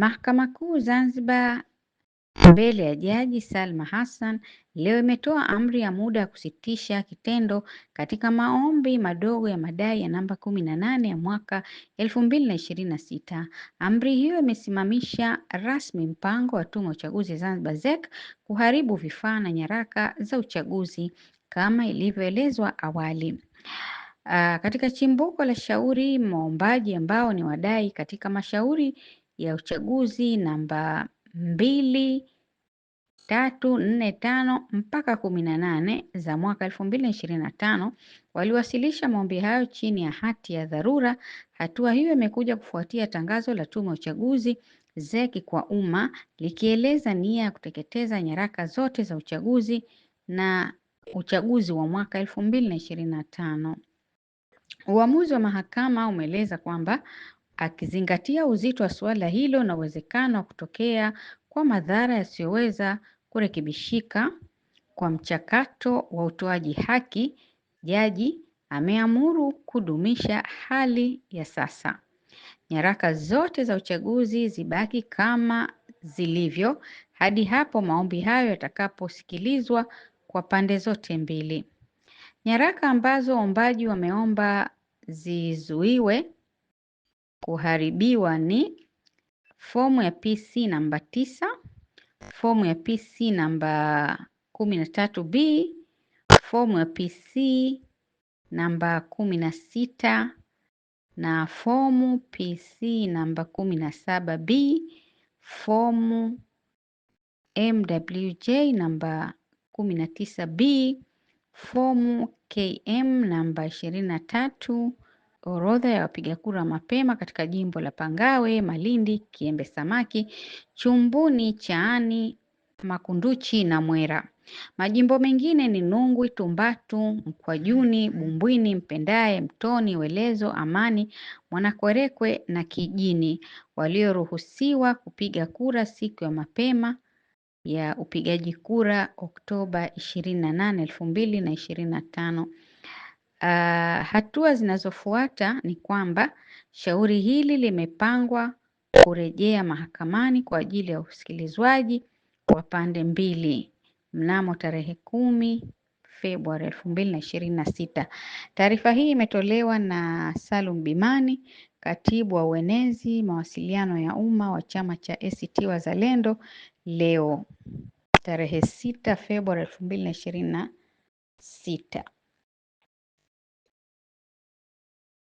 Mahakama Kuu Zanzibar mbele ya Jaji Salma Hassan leo imetoa amri ya muda ya kusitisha kitendo katika maombi madogo ya madai ya namba kumi na nane ya mwaka elfu mbili na ishirini na sita. Amri hiyo imesimamisha rasmi mpango wa Tume ya Uchaguzi Zanzibar ZEC kuharibu vifaa na nyaraka za uchaguzi kama ilivyoelezwa awali. Uh, katika chimbuko la shauri maombaji ambao ni wadai katika mashauri ya uchaguzi namba mbili tatu nne tano mpaka kumi na nane za mwaka elfu mbili na ishirini na tano waliwasilisha maombi hayo chini ya hati ya dharura. Hatua hiyo imekuja kufuatia tangazo la Tume ya Uchaguzi ZEC kwa umma likieleza nia ya kuteketeza nyaraka zote za uchaguzi na uchaguzi wa mwaka elfu mbili na ishirini na tano. Uamuzi wa mahakama umeeleza kwamba akizingatia uzito wa suala hilo na uwezekano wa kutokea kwa madhara yasiyoweza kurekebishika kwa mchakato wa utoaji haki, jaji ameamuru kudumisha hali ya sasa. Nyaraka zote za uchaguzi zibaki kama zilivyo hadi hapo maombi hayo yatakaposikilizwa kwa pande zote mbili. Nyaraka ambazo waombaji wameomba zizuiwe kuharibiwa ni fomu ya PC namba tisa, fomu ya PC namba kumi na tatu B, fomu ya PC namba kumi na sita na fomu PC namba kumi na saba B, fomu MWJ namba kumi na tisa B, fomu KM namba ishirini na tatu orodha ya wapiga kura mapema katika jimbo la Pangawe, Malindi, Kiembe Samaki, Chumbuni, Chaani, Makunduchi na Mwera. Majimbo mengine ni Nungwi, Tumbatu, Mkwajuni, Bumbwini, Mpendae, Mtoni, Welezo, Amani, Mwanakwerekwe na Kijini walioruhusiwa kupiga kura siku ya mapema ya upigaji kura Oktoba 28, 2025. Uh, hatua zinazofuata ni kwamba shauri hili limepangwa kurejea mahakamani kwa ajili ya usikilizwaji wa pande mbili mnamo tarehe kumi Februari elfu mbili na ishirini na sita. Taarifa hii imetolewa na Salum Bimani, katibu wa uenezi mawasiliano ya umma wa chama cha ACT Wazalendo leo tarehe sita Februari elfu mbili na ishirini na sita.